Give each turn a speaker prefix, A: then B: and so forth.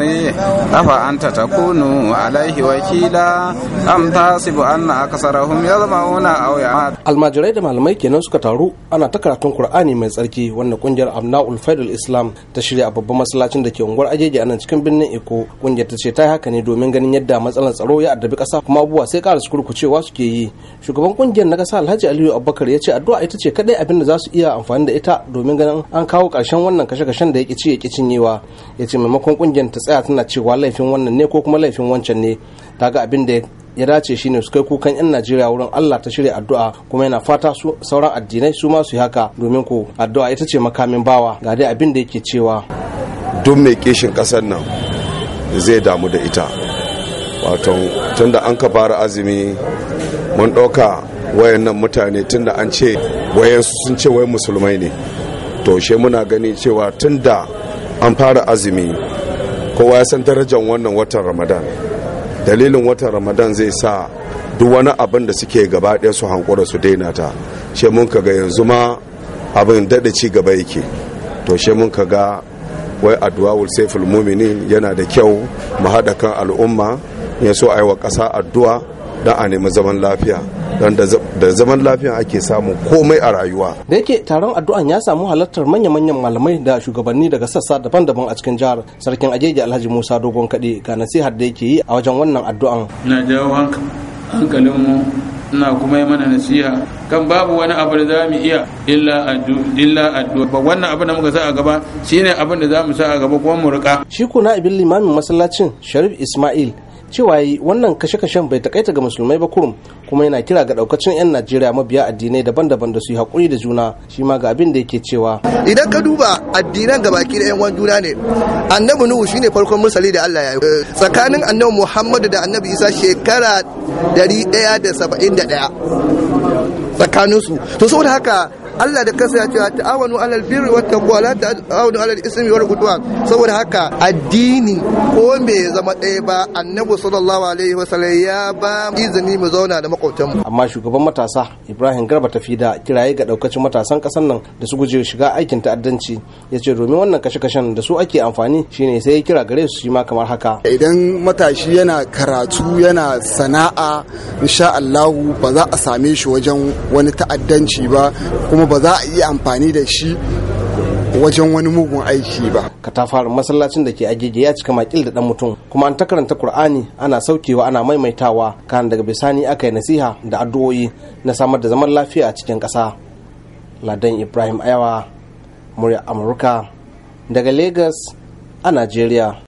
A: أويه أفأنت تكون عليه وكيلا almajirai da malamai kenan suka taru ana ta karatun qur'ani mai tsarki wanda kungiyar abna'ul faidul islam ta shirya a babban masallacin da ke unguwar ajeji a nan cikin birnin eko kungiyar ta ce ta yi haka ne domin ganin yadda matsalar tsaro ya addabi kasa kuma abubuwa sai ƙara kurkucewa suke yi shugaban kungiyar na kasa alhaji aliyu abubakar ya ce addu'a ita ce kadai abin da za su iya amfani da ita domin ganin an kawo ƙarshen wannan kashe-kashen da ya ƙi ci ya ƙi cinyewa ya ce maimakon kungiyar ta tsaya tana cewa laifin wannan ne ko kuma laifin wancan ne ta ga abin da ya dace shine su kai kukan 'yan najeriya wurin allah ta shirya addu'a kuma yana fata su sauran addinai su ma su yi haka domin ko addu'a ita ce makamin bawa ga dai abin da yake cewa
B: duk mai kishin kasar nan zai damu da ita wato tunda an ka fara azumi mun ɗauka wayannan mutane tunda an ce wayansu sun ce wai musulmai ne to she muna gani cewa tunda an fara azumi kowa ya san darajar wannan watan ramadan dalilin watan ramadan zai sa duk wani abin da suke gaba ɗaya su hankura su daina ta she mun ka ga yanzu ma abin daɗa ci gaba yake to she mun ka ga wai addu'a wal saiful muminin yana da kyau mu haɗa kan al'umma ya so a yi wa ƙasa addu'a don a nemi zaman lafiya don da zaman lafiya ake samu komai a rayuwa
A: da yake taron addu'an ya samu halartar manya-manyan malamai da shugabanni daga sassa daban-daban a cikin jihar sarkin ajeji alhaji musa dogon kaɗe ga nasihar da yake yi a wajen wannan addu'an ina jawo hankalinmu ina kuma yi mana nasiha kan babu wani abu da za mu iya illa addu'a ba wannan abin da muka sa a gaba shine abin da za mu sa a gaba kuma mu rika shi kuna ibin limamin masallacin sharif ismail cewa wannan kashe-kashen bai takaita ga musulmai ba kurum kuma yana kira ga daukacin 'yan najeriya mabiya addinai daban-daban da su yi hakuri da juna shi ma ga abin da yake cewa
C: idan ka duba addinan baki da 'yan wan juna ne annabi nuhu shine farkon musali da allah ya yi eh, tsakanin annabi muhammadu da annabi isa shekara 171 tsakaninsu to saboda haka Allah da kasa ya ce ta'awanu alal birri wa taqwa la ta'awanu alal ismi wal udwan saboda haka addini ko me zama ɗaya ba annabi sallallahu alaihi wasallam ya ba izini mu zauna da
A: makwabtanmu amma shugaban matasa Ibrahim Garba ta da kiraye ga daukacin matasan kasan nan da su guje shiga aikin ta'addanci ya ce domin wannan kashe-kashen da su ake amfani shine sai ya kira gare su shi ma kamar haka idan matashi yana karatu yana sana'a insha Allahu ba za a same shi wajen wani ta'addanci ba kuma ba za a yi amfani da shi wajen wani mugun aiki ba. Katafarin masallacin da ke agege ya cika makil da dan mutum kuma an ta karanta Kur'ani ana saukewa ana maimaitawa kan daga bisani aka yi nasiha da addu'o'i na samar da zaman lafiya a cikin ƙasa. Ladan Ibrahim Ayawa, murya Amurka daga Lagos a Najeriya.